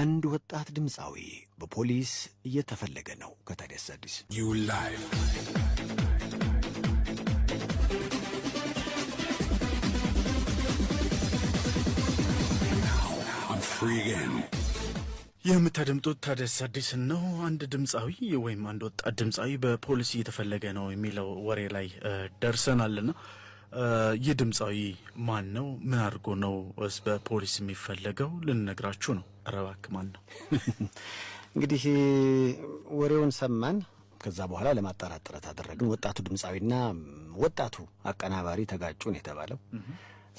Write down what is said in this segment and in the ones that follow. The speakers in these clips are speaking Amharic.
አንድ ወጣት ድምፃዊ በፖሊስ እየተፈለገ ነው። ከታዲያስ አዲስ የምታደምጡት ታዲያስ አዲስ ነው። አንድ ድምፃዊ ወይም አንድ ወጣት ድምፃዊ በፖሊስ እየተፈለገ ነው የሚለው ወሬ ላይ ደርሰናልና ይህ ድምፃዊ ማን ነው? ምን አድርጎ ነው በፖሊስ የሚፈለገው? ልንነግራችሁ ነው። ረባክ ማን ነው? እንግዲህ ወሬውን ሰማን። ከዛ በኋላ ለማጣራት ጥረት አደረግን። ወጣቱ ድምፃዊና ወጣቱ አቀናባሪ ተጋጩ ነው የተባለው።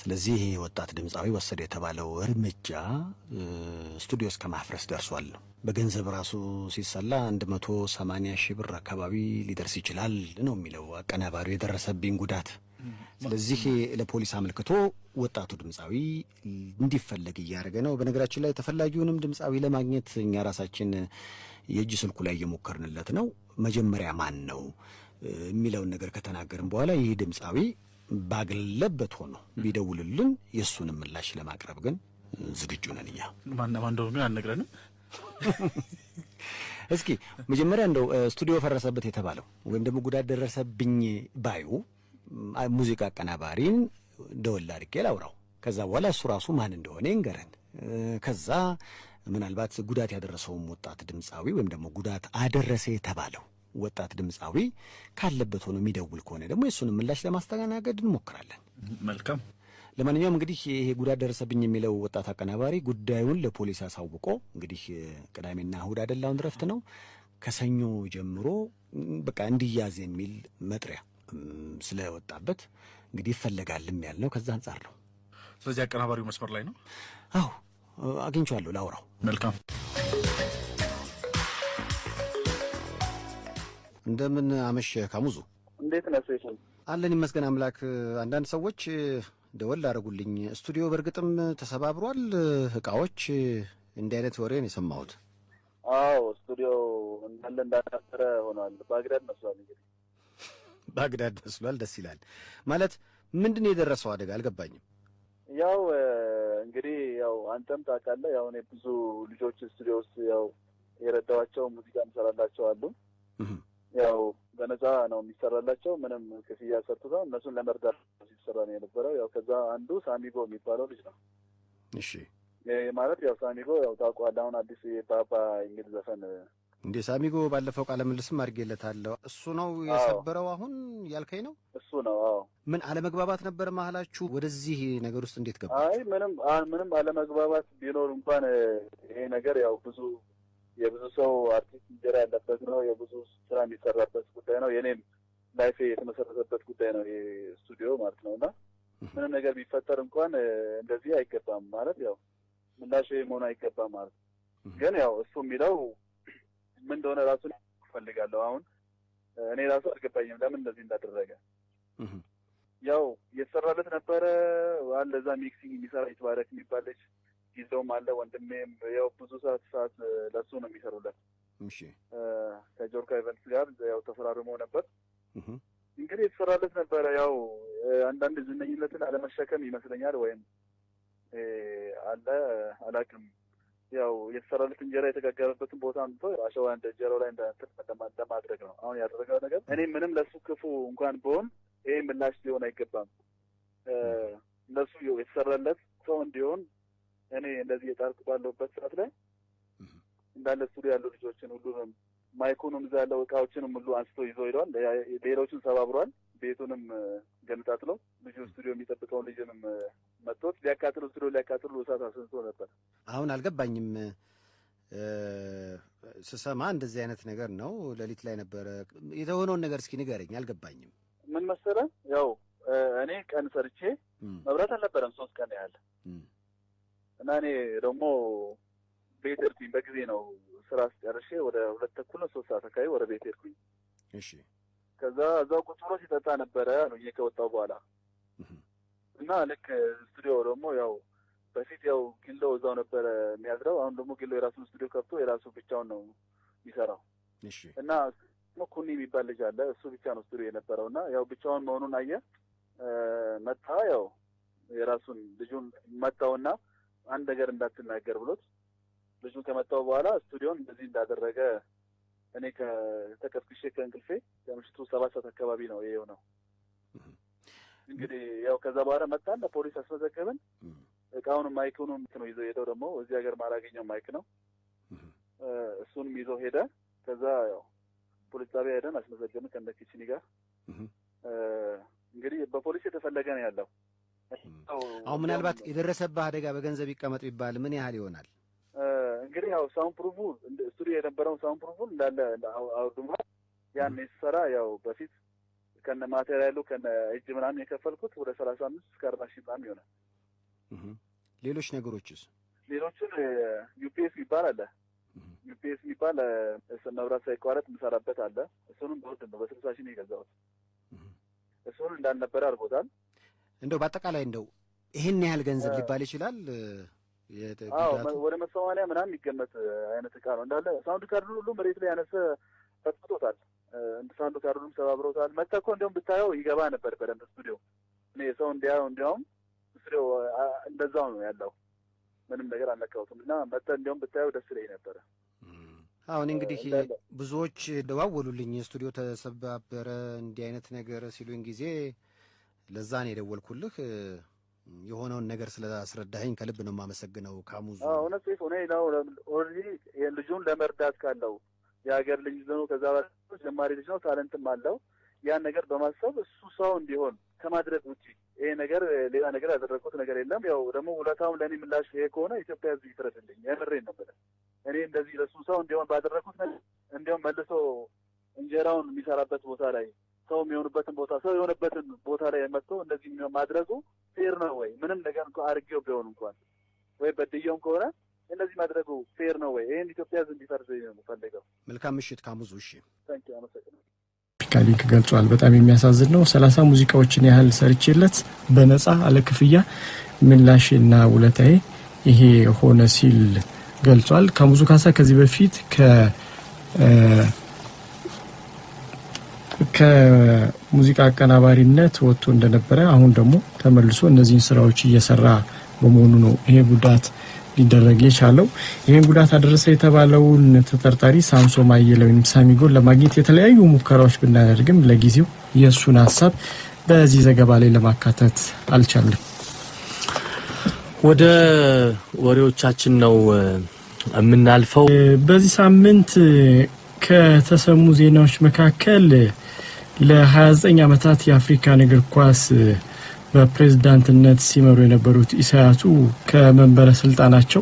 ስለዚህ ወጣት ድምፃዊ ወሰደ የተባለው እርምጃ ስቱዲዮ እስከ ማፍረስ ደርሷል ነው። በገንዘብ ራሱ ሲሰላ 180 ሺህ ብር አካባቢ ሊደርስ ይችላል ነው የሚለው አቀናባሪው። የደረሰብኝ ጉዳት ስለዚህ ለፖሊስ አመልክቶ ወጣቱ ድምፃዊ እንዲፈለግ እያደረገ ነው። በነገራችን ላይ ተፈላጊውንም ድምፃዊ ለማግኘት እኛ ራሳችን የእጅ ስልኩ ላይ እየሞከርንለት ነው። መጀመሪያ ማን ነው የሚለውን ነገር ከተናገርን በኋላ ይህ ድምፃዊ ባግለበት ሆኖ ቢደውልልን የእሱንም ምላሽ ለማቅረብ ግን ዝግጁ ነን። እኛ ማናማ እንደሆነ ግን አልነግረንም። እስኪ መጀመሪያ እንደው ስቱዲዮ ፈረሰበት የተባለው ወይም ደግሞ ጉዳት ደረሰብኝ ባዩ ሙዚቃ አቀናባሪን ደወል አድርጌ ላውራው። ከዛ በኋላ እሱ ራሱ ማን እንደሆነ ይንገረን። ከዛ ምናልባት ጉዳት ያደረሰውም ወጣት ድምፃዊ ወይም ደግሞ ጉዳት አደረሰ የተባለው ወጣት ድምፃዊ ካለበት ሆኖ የሚደውል ከሆነ ደግሞ የእሱን ምላሽ ለማስተናገድ እንሞክራለን። መልካም። ለማንኛውም እንግዲህ ይሄ ጉዳት ደረሰብኝ የሚለው ወጣት አቀናባሪ ጉዳዩን ለፖሊስ አሳውቆ እንግዲህ ቅዳሜና እሁድ አደላውን ረፍት ነው ከሰኞ ጀምሮ በቃ እንዲያዝ የሚል መጥሪያ ስለወጣበት እንግዲህ ይፈለጋልም ያልነው ከዛ አንጻር ነው። ስለዚህ አቀናባሪው መስመር ላይ ነው። አዎ አግኝቼዋለሁ፣ ላውራው። መልካም እንደምን አመሽ ካሙዙ፣ እንዴት ነህ ሴሰን? አለን ይመስገን አምላክ። አንዳንድ ሰዎች ደወል አደረጉልኝ። ስቱዲዮ በእርግጥም ተሰባብሯል፣ እቃዎች፣ እንዲህ አይነት ወሬ ነው የሰማሁት። አዎ ስቱዲዮ እንዳለ እንዳታሰረ ሆኗል። ባግዳድ መስሏል እንግዲህ ባግዳድ መስሏል። ደስ ይላል። ማለት ምንድን የደረሰው አደጋ አልገባኝም። ያው እንግዲህ ያው አንተም ታውቃለህ፣ ያው እኔ ብዙ ልጆች ስቱዲዮ ውስጥ ያው የረዳዋቸው ሙዚቃ እንሰራላቸው አሉ። ያው በነፃ ነው የሚሰራላቸው፣ ምንም ክፍያ ሰጥቶ እነሱን ለመርዳት ሲሰራ ነው የነበረው። ያው ከዛ አንዱ ሳሚጎ የሚባለው ልጅ ነው። እሺ ማለት ያው ሳሚጎ ያው ታውቀዋለህ፣ አሁን አዲስ ባባ የሚል ዘፈን እንዴ ሳሚጎ ባለፈው ቃለ ምልስም አድርጌለታለሁ። እሱ ነው የሰበረው አሁን ያልከኝ ነው? እሱ ነው። አዎ። ምን አለመግባባት ነበር መሀላችሁ? ወደዚህ ነገር ውስጥ እንዴት ገባ? አይ ምንም ምንም አለመግባባት ቢኖር እንኳን ይሄ ነገር ያው ብዙ የብዙ ሰው አርቲስት እንጀራ ያለበት ነው። የብዙ ስራ የሚሰራበት ጉዳይ ነው። የኔም ላይፌ የተመሰረተበት ጉዳይ ነው ይሄ ስቱዲዮ ማለት ነው። እና ምንም ነገር ቢፈጠር እንኳን እንደዚህ አይገባም ማለት ያው ምላሽ መሆን አይገባም ማለት ግን ያው እሱ የሚለው ምን እንደሆነ ራሱ እፈልጋለሁ። አሁን እኔ ራሱ አልገባኝም ለምን እንደዚህ እንዳደረገ። ያው የተሰራለት ነበረ አለ እዛ ሚክሲንግ የሚሰራ የተባረክ የሚባል ጊዜውም አለ ወንድሜም፣ ያው ብዙ ሰዓት ሰዓት ለሱ ነው የሚሰሩለት። ከጆርካ ኢቨንትስ ጋር ያው ተፈራርሞ ነበር እንግዲህ የተሰራለት ነበረ። ያው አንዳንድ ዝነኝነትን አለመሸከም ይመስለኛል ወይም አለ አላውቅም ያው የተሰራለት እንጀራ የተጋገረበትን ቦታ አንቶ አሸዋ እንጀራው ላይ እንዳንትር ለማድረግ ነው አሁን ያደረገው ነገር። እኔ ምንም ለሱ ክፉ እንኳን ብሆን ይህ ምላሽ ሊሆን አይገባም። እነሱ የተሰራለት ሰው እንዲሆን እኔ እንደዚህ የጣርኩ ባለሁበት ሰዓት ላይ እንዳለ ስቱዲዮ ያሉ ልጆችን ሁሉንም ማይኮኑም እዛ ያለው እቃዎችንም ሁሉ አንስቶ ይዞ ሄደዋል። ሌሎችን ሰባብሯል። ቤቱንም ገንጣጥሎ ልጁ ስቱዲዮ የሚጠብቀውን ልጅንም መጥቶት ሊያቃጥሉ ስቱዲዮ ሊያቃጥሉ እሳት አስነስቶ ነበር። አሁን አልገባኝም። ስሰማ እንደዚህ አይነት ነገር ነው። ሌሊት ላይ ነበረ የተሆነውን ነገር እስኪ ንገረኝ። አልገባኝም። ምን መሰለ ያው እኔ ቀን ሰርቼ መብራት አልነበረም ሶስት ቀን ያህል እና እኔ ደግሞ ቤት ሄድኩኝ። በጊዜ ነው ስራ ስጨርሼ ወደ ሁለት ተኩል ሶስት ሰዓት አካባቢ ወደ ቤት ሄድኩኝ። እሺ ከዛ እዛው ቁጭ ብሎ ሲጠጣ ነበረ ነው እኔ ከወጣው በኋላ እና ልክ ስቱዲዮ ደግሞ ያው በፊት ያው ጊሎ እዛው ነበረ የሚያድረው። አሁን ደግሞ ጊሎ የራሱን ስቱዲዮ ከፍቶ የራሱ ብቻውን ነው የሚሰራው እና ኩኒ የሚባል ልጅ አለ። እሱ ብቻ ነው ስቱዲዮ የነበረው እና ያው ብቻውን መሆኑን አየ መታ ያው የራሱን ልጁን መጣውና አንድ ነገር እንዳትናገር ብሎት ልጁን ከመጣው በኋላ ስቱዲዮን እንደዚህ እንዳደረገ እኔ ከተቀስቅሼ ከእንቅልፌ ከምሽቱ ሰባት ሰዓት አካባቢ ነው ነው እንግዲህ ያው ከዛ በኋላ መጣን፣ ለፖሊስ አስመዘገብን። እቃውን ማይክኑ ነው ይዘው ሄደው ደግሞ እዚህ ሀገር ማላገኘው ማይክ ነው እሱንም ይዘው ሄደ። ከዛ ያው ፖሊስ ጣቢያ ሄደን አስመዘገብን ከነ ኪችኒ ጋር። እንግዲህ በፖሊስ የተፈለገ ነው ያለው። አሁን ምናልባት የደረሰብህ አደጋ በገንዘብ ይቀመጥ ይባል ምን ያህል ይሆናል? እንግዲህ ያው ሳውንድ ስሪ የነበረውን ሳውንድ ፕሩፉን እንዳለ አውድማ ያን የተሰራ ያው በፊት ከነ ማቴሪያሉ ከነ እጅ ምናምን የከፈልኩት ወደ ሰላሳ አምስት እስከ አርባ ሺህ ምናምን ይሆናል። ሌሎች ነገሮችስ ሌሎችን ዩፒኤስ የሚባል አለ። ዩፒኤስ የሚባል መብራት ሳይቋረጥ የምሰራበት አለ። እሱንም በውድ ነው፣ በስልሳ ሺህ ነው የገዛሁት። እሱን እንዳልነበረ አድርጎታል። እንደው በአጠቃላይ እንደው ይህን ያህል ገንዘብ ሊባል ይችላል። ወደ መሰማንያ ምናምን የሚገመት አይነት እቃ ነው እንዳለ ሳውንድ ካርዱን ሁሉ መሬት ላይ ያነሰ ፈጥፍጦታል። ሳውንድ ካርዱንም ሰባብረውታል። መተህ እኮ እንዲሁም ብታየው ይገባ ነበር በደንብ ስቱዲዮ። እኔ ሰው እንዲያየው እንዲያውም ስቱዲዮ እንደዛው ነው ያለው፣ ምንም ነገር አልነካሁትም። እና መተህ እንዲሁም ብታየው ደስ ይለኝ ነበረ። አሁን እንግዲህ ብዙዎች ደዋወሉልኝ፣ ስቱዲዮ ተሰባበረ እንዲህ አይነት ነገር ሲሉኝ ጊዜ ለዛ ነው የደወልኩልህ። የሆነውን ነገር ስላስረዳኸኝ ከልብ ነው የማመሰግነው። ካሙዙ እውነት ሆነ ነው። ኦልሬዲ ልጁን ለመርዳት ካለው የሀገር ልጅ ዘኖ ከዛ ጀማሪ ልጅ ነው፣ ታለንትም አለው። ያን ነገር በማሰብ እሱ ሰው እንዲሆን ከማድረግ ውጭ ይሄ ነገር ሌላ ነገር ያደረግኩት ነገር የለም። ያው ደግሞ ውለታውን ለእኔ ምላሽ ይሄ ከሆነ ኢትዮጵያ ሕዝብ ይፍረድልኝ። የምሬን ነው። እኔ እንደዚህ ለሱ ሰው እንዲሆን ባደረግኩት ነገር እንዲሁም መልሶ እንጀራውን የሚሰራበት ቦታ ላይ ሰው የሚሆኑበትን ቦታ ሰው የሆነበትን ቦታ ላይ መጥቶ እንደዚህ ማድረጉ ፌር ነው ወይ? ምንም ነገር እንኳ አድርጌው ቢሆን እንኳን ወይ በድየውም ከሆነ እንደዚህ ማድረጉ ፌር ነው ወይ? ይህን ኢትዮጵያ ህዝብ ነው ፈልገው። መልካም ምሽት ካሙዙ። እሺ ንኪ አመሰግናለሁ። ሊንክ ገልጿል። በጣም የሚያሳዝን ነው። ሰላሳ ሙዚቃዎችን ያህል ሰርቼለት በነጻ አለክፍያ ምላሽ እና ውለታዬ ይሄ ሆነ ሲል ገልጿል። ካሙዙ ካሳ ከዚህ በፊት ከ ከሙዚቃ አቀናባሪነት ወጥቶ እንደነበረ አሁን ደግሞ ተመልሶ እነዚህን ስራዎች እየሰራ በመሆኑ ነው ይሄ ጉዳት ሊደረግ የቻለው። ይህን ጉዳት አደረሰ የተባለውን ተጠርጣሪ ሳምሶ ማየለ ወይም ሳሚጎን ለማግኘት የተለያዩ ሙከራዎች ብናደርግም ለጊዜው የእሱን ሀሳብ በዚህ ዘገባ ላይ ለማካተት አልቻለም። ወደ ወሬዎቻችን ነው የምናልፈው። በዚህ ሳምንት ከተሰሙ ዜናዎች መካከል ለ29 ዓመታት የአፍሪካን እግር ኳስ በፕሬዝዳንትነት ሲመሩ የነበሩት ኢሳያቱ ከመንበረ ስልጣናቸው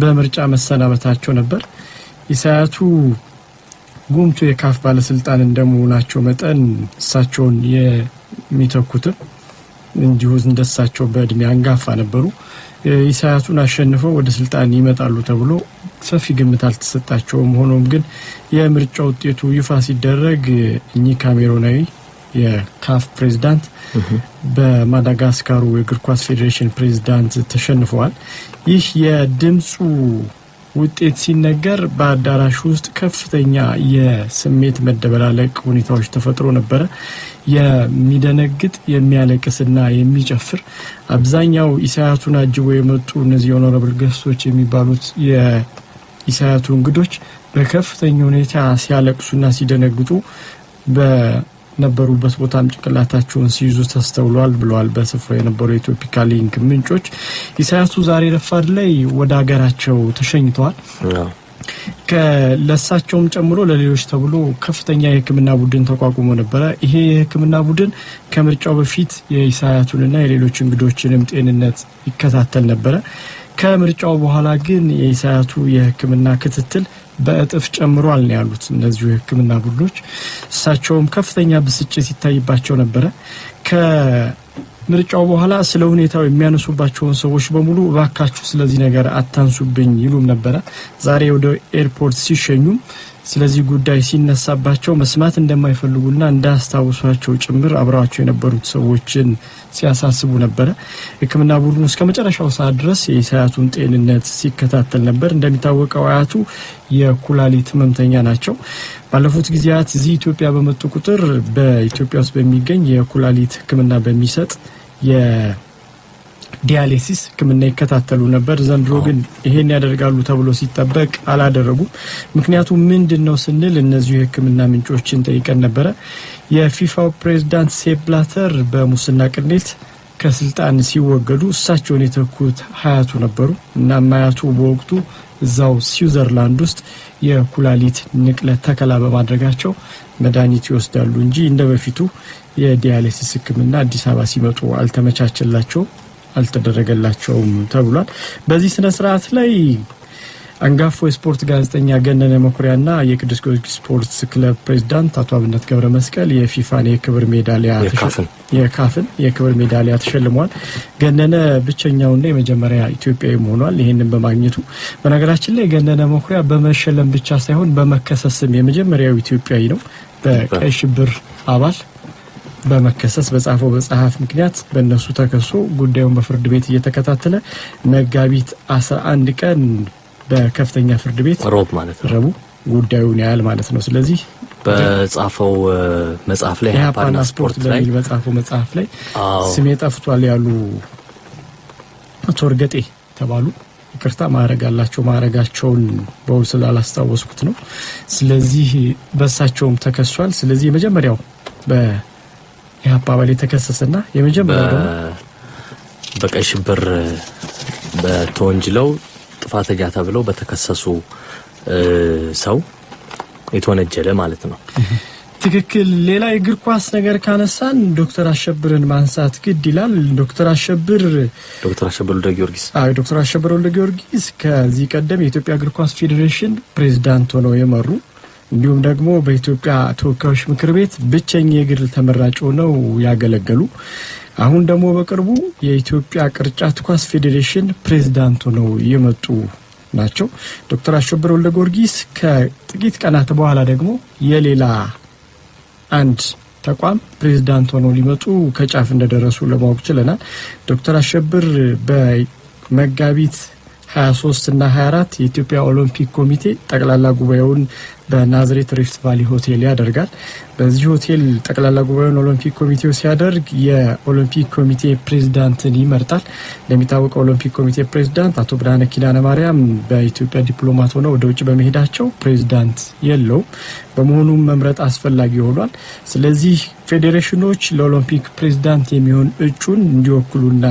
በምርጫ መሰናበታቸው ነበር። ኢሳያቱ ጉምቱ የካፍ ባለስልጣን እንደመሆናቸው መጠን እሳቸውን የሚተኩትም እንዲሁ እንደሳቸው በእድሜ አንጋፋ ነበሩ። ኢሳያቱን አሸንፈው ወደ ስልጣን ይመጣሉ ተብሎ ሰፊ ግምት አልተሰጣቸውም። ሆኖም ግን የምርጫ ውጤቱ ይፋ ሲደረግ እኚህ ካሜሮናዊ የካፍ ፕሬዚዳንት በማዳጋስካሩ የእግር ኳስ ፌዴሬሽን ፕሬዚዳንት ተሸንፈዋል። ይህ የድምፁ ውጤት ሲነገር በአዳራሽ ውስጥ ከፍተኛ የስሜት መደበላለቅ ሁኔታዎች ተፈጥሮ ነበረ። የሚደነግጥ የሚያለቅስና የሚጨፍር አብዛኛው ኢሳያቱን አጅቦ የመጡ እነዚህ የኦኖረብል ገሶች የሚባሉት ኢሳያቱ እንግዶች በከፍተኛ ሁኔታ ሲያለቅሱና ሲደነግጡ በነበሩበት ቦታም ጭንቅላታቸውን ሲይዙ ተስተውሏል ብለዋል በስፍራው የነበሩ የኢትዮፒካ ሊንክ ምንጮች። ኢሳያቱ ዛሬ ረፋድ ላይ ወደ ሀገራቸው ተሸኝተዋል። ለእሳቸውም ጨምሮ ለሌሎች ተብሎ ከፍተኛ የሕክምና ቡድን ተቋቁሞ ነበረ። ይሄ የሕክምና ቡድን ከምርጫው በፊት የኢሳያቱንና የሌሎች እንግዶችንም ጤንነት ይከታተል ነበረ። ከምርጫው በኋላ ግን የኢሳያቱ የሕክምና ክትትል በእጥፍ ጨምሯል ነው ያሉት እነዚሁ የሕክምና ቡድኖች። እሳቸውም ከፍተኛ ብስጭት ይታይባቸው ነበረ። ከምርጫው በኋላ ስለ ሁኔታው የሚያነሱባቸውን ሰዎች በሙሉ እባካችሁ ስለዚህ ነገር አታንሱብኝ ይሉም ነበረ። ዛሬ ወደ ኤርፖርት ሲሸኙም ስለዚህ ጉዳይ ሲነሳባቸው መስማት እንደማይፈልጉና እንዳያስታውሷቸው ጭምር አብረዋቸው የነበሩት ሰዎችን ሲያሳስቡ ነበረ። ሕክምና ቡድኑ እስከ መጨረሻው ሰዓት ድረስ የአያቱን ጤንነት ሲከታተል ነበር። እንደሚታወቀው አያቱ የኩላሊት ህመምተኛ ናቸው። ባለፉት ጊዜያት እዚህ ኢትዮጵያ በመጡ ቁጥር በኢትዮጵያ ውስጥ በሚገኝ የኩላሊት ሕክምና በሚሰጥ ዲያሊሲስ ህክምና ይከታተሉ ነበር። ዘንድሮ ግን ይሄን ያደርጋሉ ተብሎ ሲጠበቅ አላደረጉም። ምክንያቱም ምንድን ነው ስንል እነዚሁ የህክምና ምንጮችን ጠይቀን ነበረ። የፊፋው ፕሬዚዳንት ሴፕ ብላተር በሙስና ቅሌት ከስልጣን ሲወገዱ እሳቸውን የተኩት ሀያቱ ነበሩ። እናም ሀያቱ በወቅቱ እዛው ስዊዘርላንድ ውስጥ የኩላሊት ንቅለ ተከላ በማድረጋቸው መድኃኒት ይወስዳሉ እንጂ እንደ በፊቱ የዲያሊሲስ ህክምና አዲስ አበባ ሲመጡ አልተመቻቸላቸውም። አልተደረገላቸውም ተብሏል። በዚህ ስነ ስርዓት ላይ አንጋፎ የስፖርት ጋዜጠኛ ገነነ መኩሪያና የቅዱስ ጊዮርጊስ ስፖርት ክለብ ፕሬዚዳንት አቶ አብነት ገብረ መስቀል የፊፋን የክብር ሜዳሊያ የካፍን የክብር ሜዳሊያ ተሸልመዋል። ገነነ ብቸኛውና የመጀመሪያ ኢትዮጵያዊ ሆኗል ይህንን በማግኘቱ። በነገራችን ላይ ገነነ መኩሪያ በመሸለም ብቻ ሳይሆን በመከሰስም የመጀመሪያው ኢትዮጵያዊ ነው በቀይ ሽብር አባል በመከሰስ በጻፈው መጽሐፍ ምክንያት በእነሱ ተከሶ ጉዳዩን በፍርድ ቤት እየተከታተለ መጋቢት 11 ቀን በከፍተኛ ፍርድ ቤት ሮብ ማለት ነው ረቡዕ ጉዳዩን ያህል ማለት ነው። ስለዚህ በጻፈው መጽሐፍ ላይ ኢህአፓና ስፖርት ላይ በጻፈው መጽሐፍ ላይ ስሜ ጠፍቷል ያሉ አቶ እርገጤ ተባሉ ይቅርታ ማድረግ አላቸው ማድረጋቸውን በውል ስላላስታወስኩት ነው። ስለዚህ በእሳቸውም ተከሷል። ስለዚህ የመጀመሪያው በ ይህ አባባል የተከሰሰና የመጀመሪያው በቀይ ሽብር በተወንጅለው ጥፋተኛ ተብለው በተከሰሱ ሰው የተወነጀለ ማለት ነው። ትክክል። ሌላ የእግር ኳስ ነገር ካነሳን ዶክተር አሸብርን ማንሳት ግድ ይላል። ዶክተር አሸብር ዶክተር አሸብር ወልደ ጊዮርጊስ አይ ዶክተር አሸብር ወልደ ጊዮርጊስ ከዚህ ቀደም የኢትዮጵያ እግር ኳስ ፌዴሬሽን ፕሬዚዳንት ሆነው የመሩ እንዲሁም ደግሞ በኢትዮጵያ ተወካዮች ምክር ቤት ብቸኛ የግል ተመራጭ ሆነው ያገለገሉ አሁን ደግሞ በቅርቡ የኢትዮጵያ ቅርጫት ኳስ ፌዴሬሽን ፕሬዝዳንት ሆነው የመጡ ናቸው። ዶክተር አሸብር ወልደ ጊዮርጊስ ከጥቂት ቀናት በኋላ ደግሞ የሌላ አንድ ተቋም ፕሬዝዳንት ሆነው ሊመጡ ከጫፍ እንደደረሱ ለማወቅ ችለናል። ዶክተር አሸብር በመጋቢት 23 እና 24 የኢትዮጵያ ኦሎምፒክ ኮሚቴ ጠቅላላ ጉባኤውን በናዝሬት ሪፍት ቫሊ ሆቴል ያደርጋል። በዚህ ሆቴል ጠቅላላ ጉባኤውን ኦሎምፒክ ኮሚቴው ሲያደርግ የኦሎምፒክ ኮሚቴ ፕሬዚዳንትን ይመርጣል። እንደሚታወቀው ኦሎምፒክ ኮሚቴ ፕሬዚዳንት አቶ ብርሃነ ኪዳነ ማርያም በኢትዮጵያ ዲፕሎማት ሆነው ወደ ውጭ በመሄዳቸው ፕሬዚዳንት የለውም። በመሆኑም መምረጥ አስፈላጊ ሆኗል። ስለዚህ ፌዴሬሽኖች ለኦሎምፒክ ፕሬዚዳንት የሚሆን እጩን እንዲወክሉና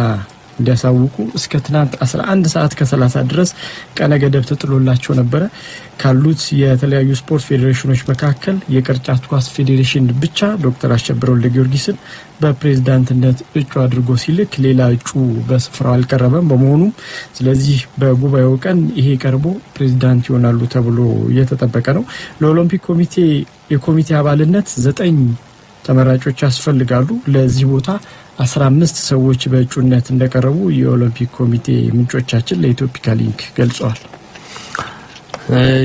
እንዲያሳውቁ እስከ ትናንት 11 ሰዓት ከ30 ድረስ ቀነ ገደብ ተጥሎላቸው ነበረ። ካሉት የተለያዩ ስፖርት ፌዴሬሽኖች መካከል የቅርጫት ኳስ ፌዴሬሽን ብቻ ዶክተር አሸብረ ወልደ ጊዮርጊስን በፕሬዝዳንትነት እጩ አድርጎ ሲልክ ሌላ እጩ በስፍራው አልቀረበም። በመሆኑም ስለዚህ በጉባኤው ቀን ይሄ ቀርቦ ፕሬዝዳንት ይሆናሉ ተብሎ እየተጠበቀ ነው። ለኦሎምፒክ ኮሚቴ የኮሚቴ አባልነት ዘጠኝ ተመራጮች ያስፈልጋሉ ለዚህ ቦታ አስራ አምስት ሰዎች በእጩነት እንደቀረቡ የኦሎምፒክ ኮሚቴ ምንጮቻችን ለኢትዮፒካ ሊንክ ገልጸዋል።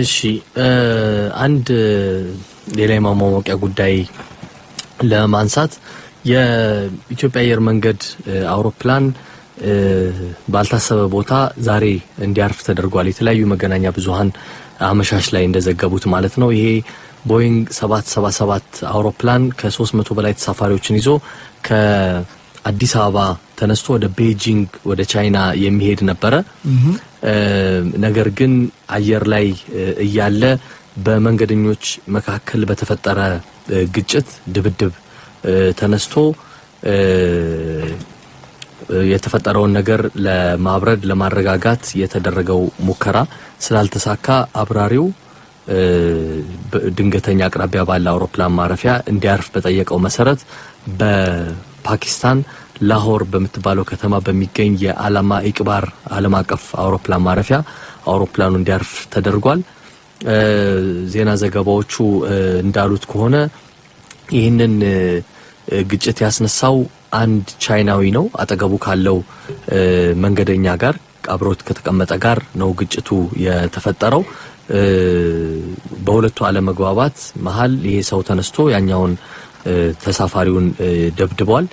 እሺ አንድ ሌላ የማሟሟቂያ ጉዳይ ለማንሳት የኢትዮጵያ አየር መንገድ አውሮፕላን ባልታሰበ ቦታ ዛሬ እንዲያርፍ ተደርጓል። የተለያዩ መገናኛ ብዙኃን አመሻሽ ላይ እንደዘገቡት ማለት ነው። ይሄ ቦይንግ 777 አውሮፕላን ከ300 በላይ ተሳፋሪዎችን ይዞ ከ አዲስ አበባ ተነስቶ ወደ ቤጂንግ ወደ ቻይና የሚሄድ ነበረ። ነገር ግን አየር ላይ እያለ በመንገደኞች መካከል በተፈጠረ ግጭት ድብድብ ተነስቶ የተፈጠረውን ነገር ለማብረድ ለማረጋጋት የተደረገው ሙከራ ስላልተሳካ አብራሪው ድንገተኛ አቅራቢያ ባለ አውሮፕላን ማረፊያ እንዲያርፍ በጠየቀው መሰረት ፓኪስታን ላሆር በምትባለው ከተማ በሚገኝ የአላማ ኢቅባር ዓለም አቀፍ አውሮፕላን ማረፊያ አውሮፕላኑ እንዲያርፍ ተደርጓል። ዜና ዘገባዎቹ እንዳሉት ከሆነ ይህንን ግጭት ያስነሳው አንድ ቻይናዊ ነው። አጠገቡ ካለው መንገደኛ ጋር አብሮት ከተቀመጠ ጋር ነው ግጭቱ የተፈጠረው። በሁለቱ አለመግባባት መሀል ይሄ ሰው ተነስቶ ያኛውን ተሳፋሪውን ደብድቧል።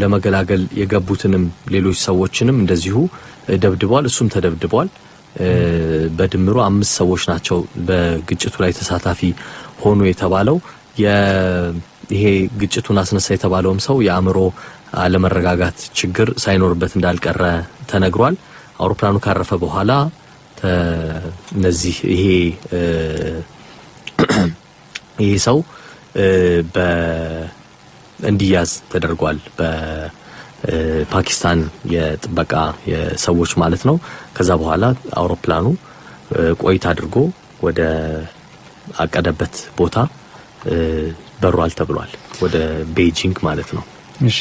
ለመገላገል የገቡትንም ሌሎች ሰዎችንም እንደዚሁ ደብድቧል። እሱም ተደብድቧል። በድምሩ አምስት ሰዎች ናቸው በግጭቱ ላይ ተሳታፊ ሆኑ የተባለው። ይሄ ግጭቱን አስነሳ የተባለውም ሰው የአእምሮ አለመረጋጋት ችግር ሳይኖርበት እንዳልቀረ ተነግሯል። አውሮፕላኑ ካረፈ በኋላ እነዚህ ይሄ ይሄ ሰው እንዲያዝ ተደርጓል። በፓኪስታን የጥበቃ ሰዎች ማለት ነው። ከዛ በኋላ አውሮፕላኑ ቆይታ አድርጎ ወደ አቀደበት ቦታ በሯል ተብሏል። ወደ ቤጂንግ ማለት ነው። እሺ፣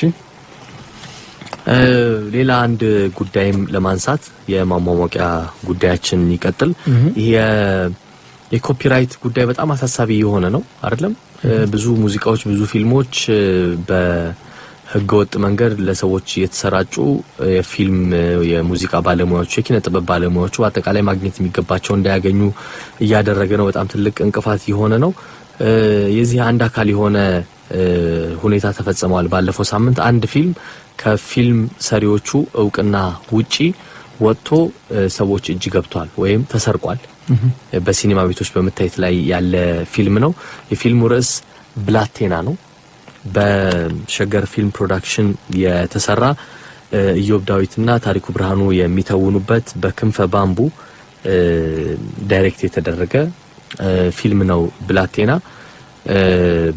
ሌላ አንድ ጉዳይም ለማንሳት የማሟሟቂያ ጉዳያችን ይቀጥል። ይህ የኮፒራይት ጉዳይ በጣም አሳሳቢ የሆነ ነው አይደለም? ብዙ ሙዚቃዎች፣ ብዙ ፊልሞች በህገወጥ መንገድ ለሰዎች የተሰራጩ የፊልም የሙዚቃ ባለሙያዎቹ፣ የኪነ ጥበብ ባለሙያዎቹ በአጠቃላይ ማግኘት የሚገባቸው እንዳያገኙ እያደረገ ነው። በጣም ትልቅ እንቅፋት የሆነ ነው። የዚህ አንድ አካል የሆነ ሁኔታ ተፈጽመዋል። ባለፈው ሳምንት አንድ ፊልም ከፊልም ሰሪዎቹ እውቅና ውጪ ወጥቶ ሰዎች እጅ ገብቷል ወይም ተሰርቋል። በሲኒማ ቤቶች በመታየት ላይ ያለ ፊልም ነው። የፊልሙ ርዕስ ብላቴና ነው። በሸገር ፊልም ፕሮዳክሽን የተሰራ ኢዮብ ዳዊትና ታሪኩ ብርሃኑ የሚተውኑበት በክንፈ ባምቡ ዳይሬክት የተደረገ ፊልም ነው። ብላቴና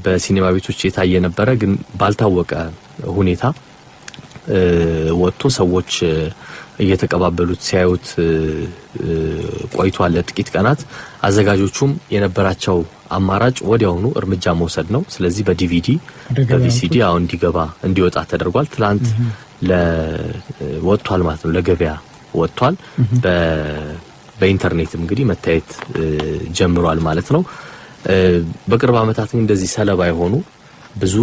በሲኒማ ቤቶች የታየ ነበረ፣ ግን ባልታወቀ ሁኔታ ወጥቶ ሰዎች እየተቀባበሉት ሲያዩት ቆይቷል ለጥቂት ቀናት። አዘጋጆቹም የነበራቸው አማራጭ ወዲያውኑ እርምጃ መውሰድ ነው። ስለዚህ በዲቪዲ በቪሲዲ አሁን እንዲገባ እንዲወጣ ተደርጓል። ትላንት ወጥቷል ማለት ነው፣ ለገበያ ወጥቷል። በኢንተርኔትም እንግዲህ መታየት ጀምሯል ማለት ነው። በቅርብ ዓመታት እንደዚህ ሰለባ የሆኑ ብዙ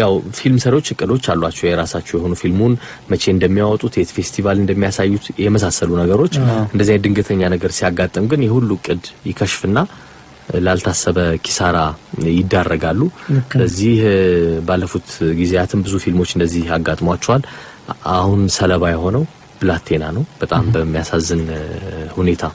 ያው ፊልም ሰሪዎች እቅዶች አሏቸው የራሳቸው የሆኑ ፊልሙን መቼ እንደሚያወጡት የት ፌስቲቫል እንደሚያሳዩት የመሳሰሉ ነገሮች። እንደዚህ አይነት ድንገተኛ ነገር ሲያጋጥም ግን የሁሉ እቅድ ይከሽፍና ላልታሰበ ኪሳራ ይዳረጋሉ። ስለዚህ ባለፉት ጊዜያትም ብዙ ፊልሞች እንደዚህ ያጋጥሟቸዋል። አሁን ሰለባ የሆነው ብላቴና ነው፣ በጣም በሚያሳዝን ሁኔታ